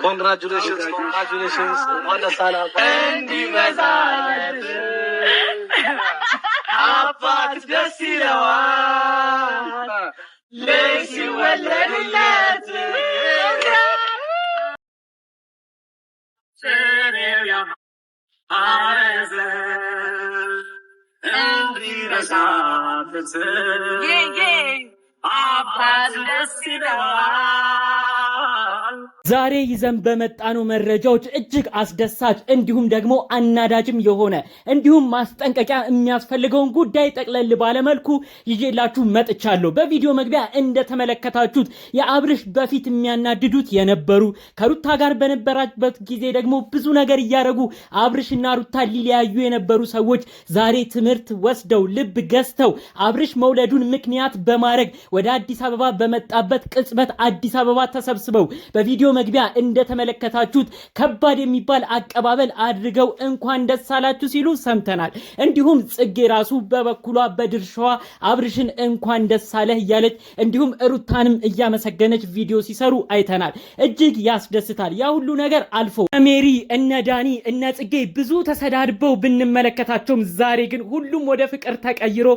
Congratulations, congratulations, Mother Salah. አባት ደስ ይለዋል ልጅ ሲወለድለት አረዘ እንዲረሳ ፍትህ አባት ደስ ይለዋል ዛሬ ይዘን በመጣነው መረጃዎች እጅግ አስደሳች እንዲሁም ደግሞ አናዳጅም የሆነ እንዲሁም ማስጠንቀቂያ የሚያስፈልገውን ጉዳይ ጠቅለል ባለመልኩ ይዤላችሁ መጥቻለሁ። በቪዲዮ መግቢያ እንደተመለከታችሁት የአብርሽ በፊት የሚያናድዱት የነበሩ ከሩታ ጋር በነበራበት ጊዜ ደግሞ ብዙ ነገር እያደረጉ አብርሽና ሩታ ሊለያዩ የነበሩ ሰዎች ዛሬ ትምህርት ወስደው ልብ ገዝተው አብርሽ መውለዱን ምክንያት በማድረግ ወደ አዲስ አበባ በመጣበት ቅጽበት አዲስ አበባ ተሰብስበው በቪዲዮ መግቢያ እንደተመለከታችሁት ከባድ የሚባል አቀባበል አድርገው እንኳን ደስ አላችሁ ሲሉ ሰምተናል። እንዲሁም ጽጌ ራሱ በበኩሏ በድርሻዋ አብርሽን እንኳን ደስ አለህ እያለች እንዲሁም ሩታንም እያመሰገነች ቪዲዮ ሲሰሩ አይተናል። እጅግ ያስደስታል። ያ ሁሉ ነገር አልፎ ሜሪ እነ ዳኒ እነ ጽጌ ብዙ ተሰዳድበው ብንመለከታቸውም ዛሬ ግን ሁሉም ወደ ፍቅር ተቀይሮ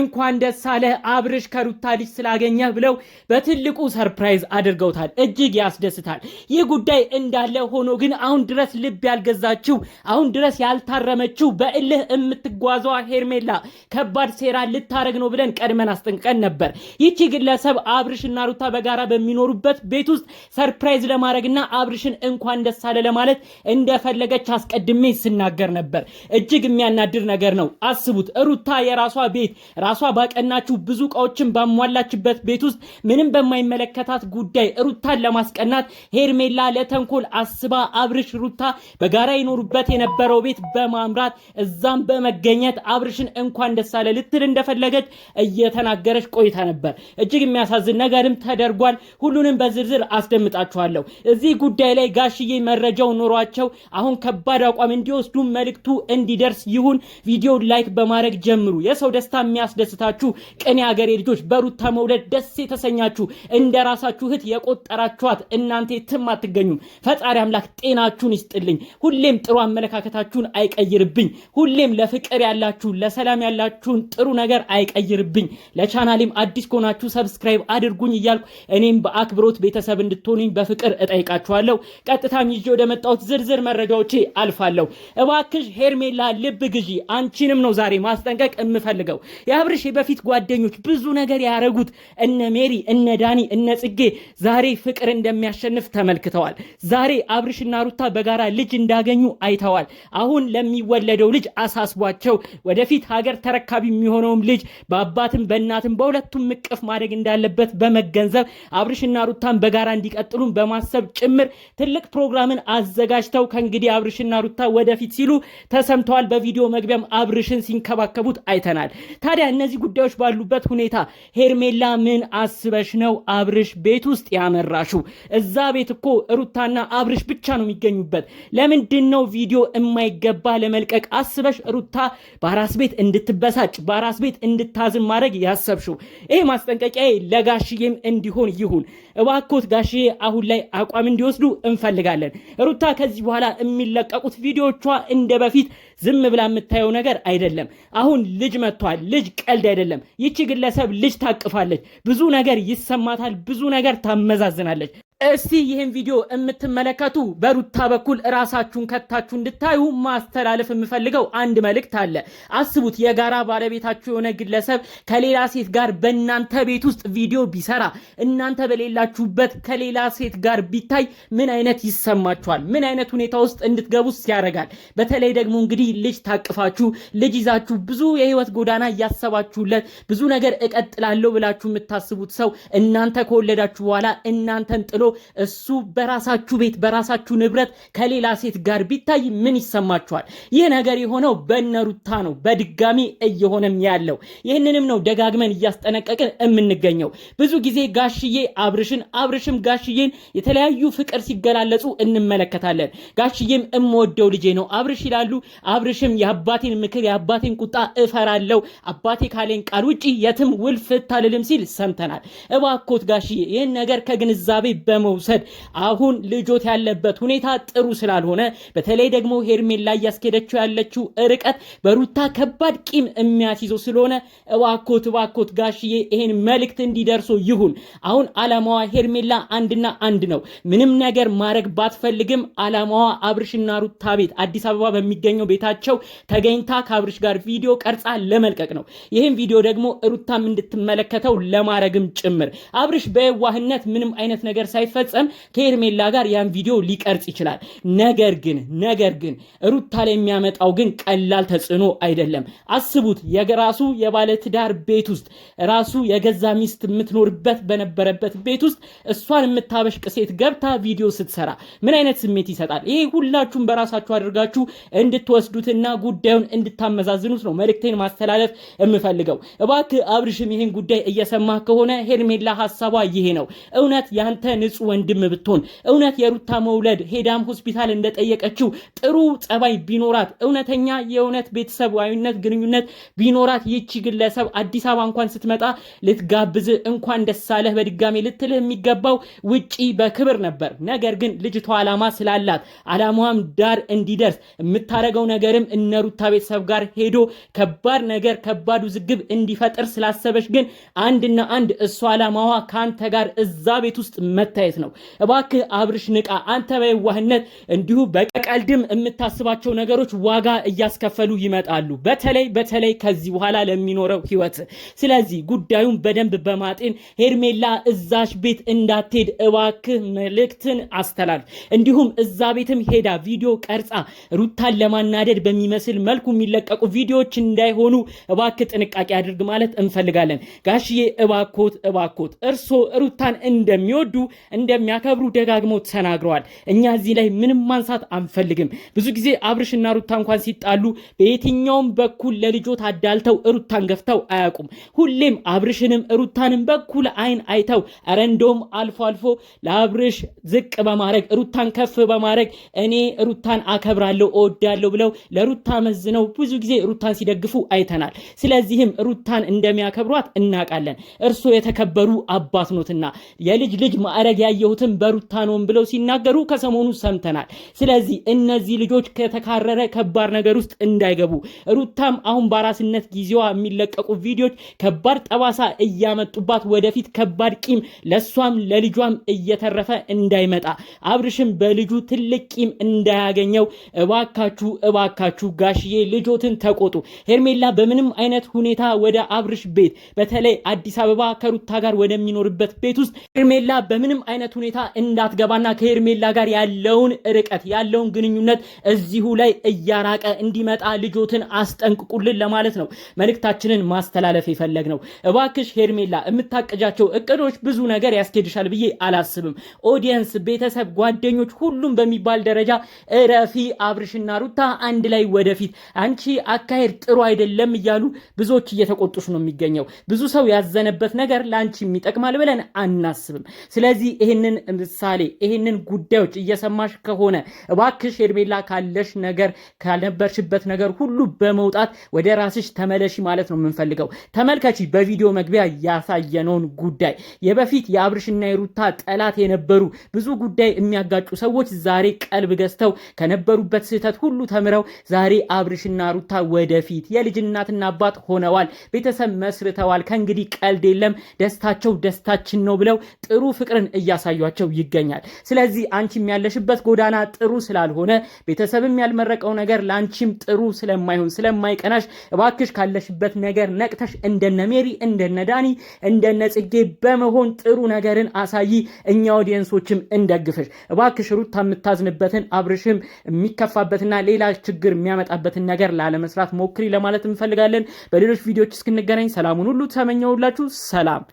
እንኳን ደስ አለህ አብርሽ ከሩታ ልጅ ስላገኘህ ብለው በትልቁ ሰርፕራይዝ አድርገውታል። እጅግ ያስደስታል። ይሆናል። ይህ ጉዳይ እንዳለ ሆኖ ግን አሁን ድረስ ልብ ያልገዛችው አሁን ድረስ ያልታረመችው በእልህ የምትጓዘዋ ሄርሜላ ከባድ ሴራ ልታረግ ነው ብለን ቀድመን አስጠንቀን ነበር። ይቺ ግለሰብ አብርሽና ሩታ በጋራ በሚኖሩበት ቤት ውስጥ ሰርፕራይዝ ለማድረግና አብርሽን እንኳን ደስ አለ ለማለት እንደፈለገች አስቀድሜ ስናገር ነበር። እጅግ የሚያናድር ነገር ነው። አስቡት፣ ሩታ የራሷ ቤት ራሷ ባቀናችሁ ብዙ እቃዎችን ባሟላችበት ቤት ውስጥ ምንም በማይመለከታት ጉዳይ ሩታን ለማስቀናት ሄርሜላ ለተንኮል አስባ አብርሽ ሩታ በጋራ ይኖሩበት የነበረው ቤት በማምራት እዛም በመገኘት አብርሽን እንኳን ደስ አለ ልትል እንደፈለገች እየተናገረች ቆይታ ነበር። እጅግ የሚያሳዝን ነገርም ተደርጓል። ሁሉንም በዝርዝር አስደምጣችኋለሁ። እዚህ ጉዳይ ላይ ጋሽዬ መረጃው ኖሯቸው አሁን ከባድ አቋም እንዲወስዱ መልእክቱ እንዲደርስ ይሁን ቪዲዮ ላይክ በማድረግ ጀምሩ። የሰው ደስታ የሚያስደስታችሁ ቅኔ ሀገሬ ልጆች በሩታ መውለድ ደስ የተሰኛችሁ እንደ ራሳችሁ እህት የቆጠራችኋት እናንተ የትም አትገኙም። ፈጣሪ አምላክ ጤናችሁን ይስጥልኝ። ሁሌም ጥሩ አመለካከታችሁን አይቀይርብኝ። ሁሌም ለፍቅር ያላችሁ ለሰላም ያላችሁን ጥሩ ነገር አይቀይርብኝ። ለቻናሌም አዲስ ከሆናችሁ ሰብስክራይብ አድርጉኝ እያልኩ እኔም በአክብሮት ቤተሰብ እንድትሆኑኝ በፍቅር እጠይቃችኋለሁ። ቀጥታም ይዤ ወደ መጣሁት ዝርዝር መረጃዎቼ አልፋለሁ። እባክሽ ሄርሜላ ልብ ግዢ። አንቺንም ነው ዛሬ ማስጠንቀቅ የምፈልገው። የአብርሽ በፊት ጓደኞች ብዙ ነገር ያረጉት እነ ሜሪ፣ እነ ዳኒ፣ እነ ጽጌ ዛሬ ፍቅር እንደሚያሸንፍ ተመልክተዋል። ዛሬ አብርሽና ሩታ በጋራ ልጅ እንዳገኙ አይተዋል። አሁን ለሚወለደው ልጅ አሳስቧቸው ወደፊት ሀገር ተረካቢ የሚሆነውም ልጅ በአባትም በእናትም በሁለቱም እቅፍ ማደግ እንዳለበት በመገንዘብ አብርሽና ሩታን በጋራ እንዲቀጥሉም በማሰብ ጭምር ትልቅ ፕሮግራምን አዘጋጅተው ከእንግዲህ አብርሽና ሩታ ወደፊት ሲሉ ተሰምተዋል። በቪዲዮ መግቢያም አብርሽን ሲንከባከቡት አይተናል። ታዲያ እነዚህ ጉዳዮች ባሉበት ሁኔታ ሄርሜላ ምን አስበሽ ነው አብርሽ ቤት ውስጥ ያመራሹ እዛ ቤት እኮ ሩታና አብርሽ ብቻ ነው የሚገኙበት። ለምንድን ነው ቪዲዮ የማይገባ ለመልቀቅ አስበሽ ሩታ በአራስ ቤት እንድትበሳጭ በአራስ ቤት እንድታዝን ማድረግ ያሰብሽው? ይህ ማስጠንቀቂያ ለጋሽዬም እንዲሆን ይሁን። እባኮት ጋሽዬ አሁን ላይ አቋም እንዲወስዱ እንፈልጋለን። ሩታ ከዚህ በኋላ የሚለቀቁት ቪዲዮቿ እንደ በፊት ዝም ብላ የምታየው ነገር አይደለም። አሁን ልጅ መጥቷል። ልጅ ቀልድ አይደለም። ይቺ ግለሰብ ልጅ ታቅፋለች። ብዙ ነገር ይሰማታል። ብዙ ነገር ታመዛዝናለች። እስቲ ይህን ቪዲዮ የምትመለከቱ በሩታ በኩል እራሳችሁን ከታችሁ እንድታዩ ማስተላለፍ የምፈልገው አንድ መልእክት አለ። አስቡት የጋራ ባለቤታችሁ የሆነ ግለሰብ ከሌላ ሴት ጋር በእናንተ ቤት ውስጥ ቪዲዮ ቢሰራ እናንተ በሌላችሁበት ከሌላ ሴት ጋር ቢታይ ምን አይነት ይሰማችኋል? ምን አይነት ሁኔታ ውስጥ እንድትገቡስ ያደርጋል? በተለይ ደግሞ እንግዲህ ልጅ ታቅፋችሁ ልጅ ይዛችሁ ብዙ የህይወት ጎዳና እያሰባችሁለት ብዙ ነገር እቀጥላለሁ ብላችሁ የምታስቡት ሰው እናንተ ከወለዳችሁ በኋላ እናንተን ጥሎ እሱ በራሳችሁ ቤት በራሳችሁ ንብረት ከሌላ ሴት ጋር ቢታይ ምን ይሰማችኋል? ይህ ነገር የሆነው በነሩታ ነው፣ በድጋሚ እየሆነም ያለው ይህንንም ነው ደጋግመን እያስጠነቀቅን የምንገኘው። ብዙ ጊዜ ጋሽዬ አብርሽን አብርሽም ጋሽዬን የተለያዩ ፍቅር ሲገላለጹ እንመለከታለን። ጋሽዬም እምወደው ልጄ ነው አብርሽ ይላሉ። አብርሽም የአባቴን ምክር የአባቴን ቁጣ እፈራለው አባቴ ካሌን ቃል ውጭ የትም ውልፍታልልም ሲል ሰምተናል። እባኮት ጋሽዬ ይህን ነገር ከግንዛቤ በ ለመውሰድ አሁን ልጆት ያለበት ሁኔታ ጥሩ ስላልሆነ በተለይ ደግሞ ሄርሜላ እያስኬደችው ያለችው ርቀት በሩታ ከባድ ቂም የሚያስይዘው ስለሆነ እባኮት እባኮት ጋሽዬ ይሄን መልእክት እንዲደርሶ ይሁን። አሁን አላማዋ ሄርሜላ አንድና አንድ ነው። ምንም ነገር ማድረግ ባትፈልግም አላማዋ አብርሽና ሩታ ቤት አዲስ አበባ በሚገኘው ቤታቸው ተገኝታ ከአብርሽ ጋር ቪዲዮ ቀርጻ ለመልቀቅ ነው። ይህም ቪዲዮ ደግሞ ሩታም እንድትመለከተው ለማድረግም ጭምር አብርሽ በየዋህነት ምንም አይነት ነገር ሳይ ሳይፈጸም ከኤርሜላ ጋር ያን ቪዲዮ ሊቀርጽ ይችላል። ነገር ግን ነገር ግን ሩታ ላይ የሚያመጣው ግን ቀላል ተጽዕኖ አይደለም። አስቡት የራሱ የባለትዳር ቤት ውስጥ ራሱ የገዛ ሚስት የምትኖርበት በነበረበት ቤት ውስጥ እሷን የምታበሽቅ ሴት ገብታ ቪዲዮ ስትሰራ ምን አይነት ስሜት ይሰጣል? ይሄ ሁላችሁም በራሳችሁ አድርጋችሁ እንድትወስዱትና ጉዳዩን እንድታመዛዝኑት ነው መልእክቴን ማስተላለፍ የምፈልገው። እባክህ አብርሽም ይህን ጉዳይ እየሰማ ከሆነ ሄርሜላ ሀሳቧ ይሄ ነው። እውነት ያንተ ንጹ ወንድም ብትሆን እውነት የሩታ መውለድ ሄዳም ሆስፒታል እንደጠየቀችው ጥሩ ጸባይ ቢኖራት እውነተኛ የእውነት ቤተሰባዊነት ግንኙነት ቢኖራት ይቺ ግለሰብ አዲስ አበባ እንኳን ስትመጣ ልትጋብዝ እንኳን ደሳለህ በድጋሜ ልትልህ የሚገባው ውጪ በክብር ነበር። ነገር ግን ልጅቷ ዓላማ ስላላት ዓላማዋም ዳር እንዲደርስ የምታደርገው ነገርም እነሩታ ቤተሰብ ጋር ሄዶ ከባድ ነገር ከባድ ውዝግብ እንዲፈጥር ስላሰበች ግን አንድና አንድ እሷ ዓላማዋ ከአንተ ጋር እዛ ቤት ውስጥ መታየት አስተያየት ነው። እባክህ አብርሽ ንቃ። አንተ በየዋህነት እንዲሁ በቀልድም የምታስባቸው ነገሮች ዋጋ እያስከፈሉ ይመጣሉ። በተለይ በተለይ ከዚህ በኋላ ለሚኖረው ህይወት። ስለዚህ ጉዳዩን በደንብ በማጤን ሄርሜላ እዛሽ ቤት እንዳትሄድ እባክህ መልእክትን አስተላልፍ። እንዲሁም እዛ ቤትም ሄዳ ቪዲዮ ቀርጻ ሩታን ለማናደድ በሚመስል መልኩ የሚለቀቁ ቪዲዮዎች እንዳይሆኑ እባክህ ጥንቃቄ አድርግ ማለት እንፈልጋለን። ጋሽዬ እባኮት እባኮት እርሶ ሩታን እንደሚወዱ እንደሚያከብሩ ደጋግመው ተናግረዋል። እኛ እዚህ ላይ ምንም ማንሳት አንፈልግም። ብዙ ጊዜ አብርሽና ሩታ እንኳን ሲጣሉ በየትኛውም በኩል ለልጆት አዳልተው ሩታን ገፍተው አያውቁም። ሁሌም አብርሽንም ሩታንም በኩል አይን አይተው ኧረ እንደውም አልፎ አልፎ ለአብርሽ ዝቅ በማድረግ ሩታን ከፍ በማድረግ እኔ ሩታን አከብራለሁ እወዳለሁ ብለው ለሩታ መዝነው ብዙ ጊዜ ሩታን ሲደግፉ አይተናል። ስለዚህም ሩታን እንደሚያከብሯት እናውቃለን። እርሶ የተከበሩ አባት ኖትና የልጅ ልጅ ማዕረግ ሲካሄድ ያየሁትን በሩታ ነውን ብለው ሲናገሩ ከሰሞኑ ሰምተናል። ስለዚህ እነዚህ ልጆች ከተካረረ ከባድ ነገር ውስጥ እንዳይገቡ ሩታም አሁን በአራስነት ጊዜዋ የሚለቀቁ ቪዲዮች ከባድ ጠባሳ እያመጡባት ወደፊት ከባድ ቂም ለእሷም ለልጇም እየተረፈ እንዳይመጣ አብርሽም በልጁ ትልቅ ቂም እንዳያገኘው እባካችሁ እባካችሁ ጋሽዬ ልጆትን ተቆጡ። ሄርሜላ በምንም አይነት ሁኔታ ወደ አብርሽ ቤት በተለይ አዲስ አበባ ከሩታ ጋር ወደሚኖርበት ቤት ውስጥ ሄርሜላ በምንም አይነት ሁኔታ እንዳትገባና ከሄርሜላ ጋር ያለውን ርቀት ያለውን ግንኙነት እዚሁ ላይ እያራቀ እንዲመጣ ልጆትን አስጠንቅቁልን ለማለት ነው መልእክታችንን ማስተላለፍ የፈለግ ነው። እባክሽ ሄርሜላ የምታቅጃቸው እቅዶች ብዙ ነገር ያስኬድሻል ብዬ አላስብም። ኦዲየንስ፣ ቤተሰብ፣ ጓደኞች ሁሉም በሚባል ደረጃ እረፊ። አብርሽና ሩታ አንድ ላይ ወደፊት አንቺ አካሄድ ጥሩ አይደለም እያሉ ብዙዎች እየተቆጡሽ ነው የሚገኘው። ብዙ ሰው ያዘነበት ነገር ለአንቺ የሚጠቅማል ብለን አናስብም። ስለዚህ ይህንን ምሳሌ ይህንን ጉዳዮች እየሰማሽ ከሆነ እባክሽ ሄርሜላ ካለሽ ነገር ካልነበርሽበት ነገር ሁሉ በመውጣት ወደ ራስሽ ተመለሺ ማለት ነው የምንፈልገው። ተመልከቺ በቪዲዮ መግቢያ ያሳየነውን ጉዳይ የበፊት የአብርሽና የሩታ ጠላት የነበሩ ብዙ ጉዳይ የሚያጋጩ ሰዎች ዛሬ ቀልብ ገዝተው ከነበሩበት ስህተት ሁሉ ተምረው ዛሬ አብርሽና ሩታ ወደፊት የልጅ እናትና አባት ሆነዋል፣ ቤተሰብ መስርተዋል። ከእንግዲህ ቀልድ የለም፣ ደስታቸው ደስታችን ነው ብለው ጥሩ ፍቅርን እያሳዩቸው ይገኛል። ስለዚህ አንቺም ያለሽበት ጎዳና ጥሩ ስላልሆነ ቤተሰብም ያልመረቀው ነገር ለአንቺም ጥሩ ስለማይሆን ስለማይቀናሽ እባክሽ ካለሽበት ነገር ነቅተሽ እንደነ ሜሪ እንደነ ዳኒ እንደነ ጽጌ በመሆን ጥሩ ነገርን አሳይ። እኛ ኦዲየንሶችም እንደግፈሽ እባክሽ። ሩታ የምታዝንበትን አብርሽም የሚከፋበትና ሌላ ችግር የሚያመጣበትን ነገር ላለመስራት ሞክሪ ለማለት እንፈልጋለን። በሌሎች ቪዲዮዎች እስክንገናኝ ሰላሙን ሁሉ ተመኘውላችሁ። ሰላም